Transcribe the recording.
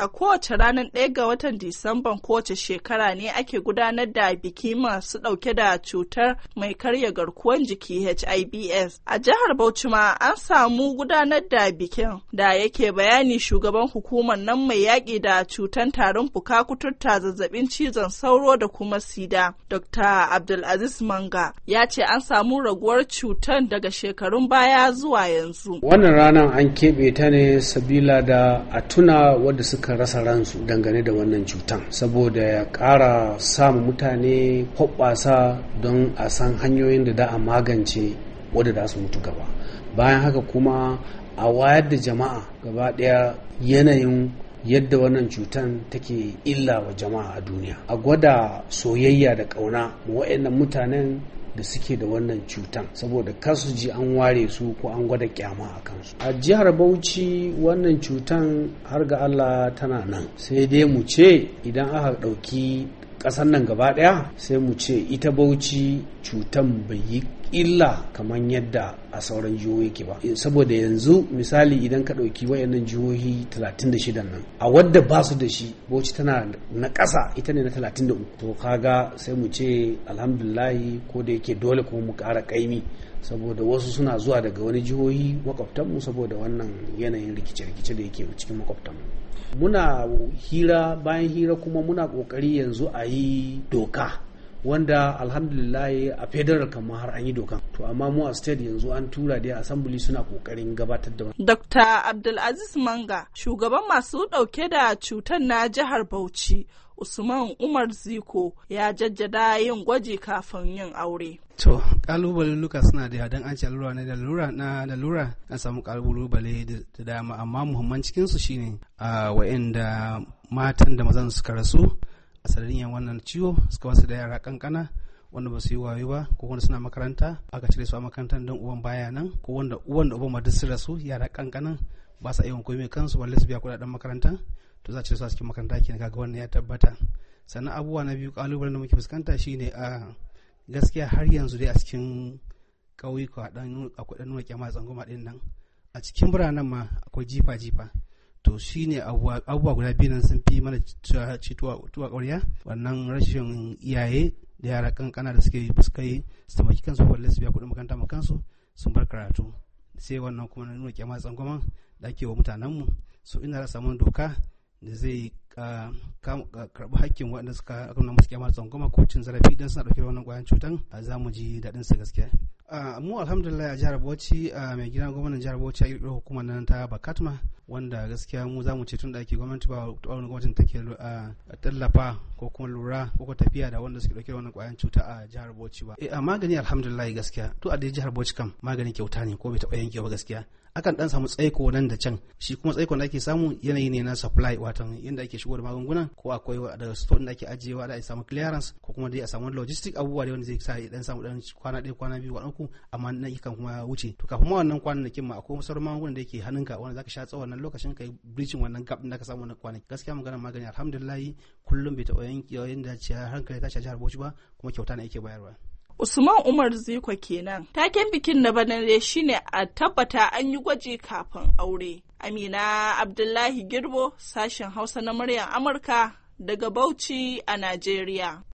A kowace ranar ɗaya ga watan Disamban kowace shekara ne ake gudanar da biki masu ɗauke da cutar mai karya garkuwan jiki HIBS. A jihar Bauchi ma an samu gudanar da bikin da yake bayani shugaban hukumar nan mai yaƙi da cutar tarin fuka kuturta zazzabin cizon sauro da kuma sida. Dr. Abdulaziz Manga ya ce an samu raguwar cutar daga shekarun baya zuwa yanzu. Wannan ranar an keɓe ta ne sabila da a tuna wadda suka suka rasa ransu dangane da wannan cutan saboda ya ƙara samun mutane hoɓɓasa don a san hanyoyin da za a magance wadda da su mutu gaba bayan haka kuma a wayar da jama'a gaba ɗaya yanayin yadda wannan cutan take illa wa jama'a a duniya a gwada soyayya da ƙauna wa'annan mutanen da suke da wannan cutan saboda su ji an ware su ko an gwada kyama a kansu a jihar bauchi wannan cutan har ga allah tana nan sai dai mu ce idan aka ɗauki ƙasan nan gaba ɗaya sai mu ce ita bauchi cutan bai yi illa kamar yadda a sauran jihohi ke ba saboda yanzu misali idan ka ɗauki wayannan jihohi 36 nan a wadda ba su da shi bauchi tana na ƙasa ita ne na 33 to kaga sai mu ce alhamdulahi ko da yake dole kuma mu ƙara ƙaimi saboda wasu suna zuwa daga wani jihohi makwabtanmu saboda wannan yanayin rikice-rikice da yake cikin makwabtanmu muna hira bayan hira kuma muna ƙoƙari yanzu a yi doka wanda alhamdulillah a federal kamar har an yi dokan to amma mu a state yanzu an tura da assembly suna kokarin gabatar da Dr. Abdulaziz Manga shugaban masu dauke da cutar na jihar Bauchi Usman Umar Ziko ya jajjada yin gwaji kafin yin aure. To, kalubalen Luka suna da don an ce lura na dalura na lalura na samu kalubale da dama amma muhimman su shine a ah, wayanda matan da mazan suka rasu a yin wannan ciwo suka wasu da yara kankana wanda ba su yi wayo ba ko wanda suna makaranta aka cire su a makarantar don uban baya nan ko wanda uwan da uban ma duk su yara kankanan ba sa yawan komai kansu balle su biya kuɗaɗen makarantar to za a cire su a cikin makaranta ke kaga wannan ya tabbata sannan abubuwa na biyu kalubalen da muke fuskanta shine a gaskiya har yanzu dai a cikin ƙauyuka a akwai dan nuna kyama din nan a cikin biranen ma akwai jifa jifa to shi ne abubuwa guda biyu nan sun fi mana ci tuwa ƙwarya wannan rashin iyaye da yara kankana da suke fuskai su taimaki kansu balle su biya kuɗin makaranta ma kansu sun bar karatu sai wannan kuma na nuna kyamar tsangwama da ake wa mutanenmu Su ina da samun doka da zai ah, ah, karɓi hakkin waɗanda suka nuna musu kyamar tsangwama ko cin zarafi don suna ɗauke da wannan ƙwayan cutan za mu ji daɗin su gaskiya ah, mu alhamdulillah a jihar bauchi mai gidan gwamnan jihar bauchi a ƙirƙirar hukumar nan ta bakatma wanda gaskiya mu zamu ce tun da ake gwamnati ba wani gwamnatin take ah, tallafa ko kuma lura ko tafiya da wanda suke dauke da wannan kwayan cuta a jihar Bauchi ba eh, a magani alhamdulillah gaskiya to a dai jihar Bauchi kam magani kyauta ne ko bai taɓa yankewa ba gaskiya akan dan samu tsaiko nan da can shi kuma tsaiko da ake samu yanayi ne na supply watan inda ake shigo da magungunan ko akwai da store da ake ajiyewa da a samu clearance ko kuma dai a samu logistic abubuwa da wanda zai sa dan samu dan kwana ɗaya kwana biyu kwana uku amma yi kan kuma wuce to kafin ma wannan kwanakin ma akwai sauran magungunan da yake hannunka wanda zaka sha tsawon wannan lokacin kai breaching wannan gap da ka samu wannan kwanan gaskiya magana magani alhamdulillah kullum bai taɓa yayin da hankali ta jihar ba kuma kyauta na yake bayarwa. Usman Umar Ziko kenan. Taken bikin na banare shine a tabbata an yi gwaji kafin aure. Amina Abdullahi Girbo, sashen Hausa na muryar Amurka daga Bauchi a Najeriya.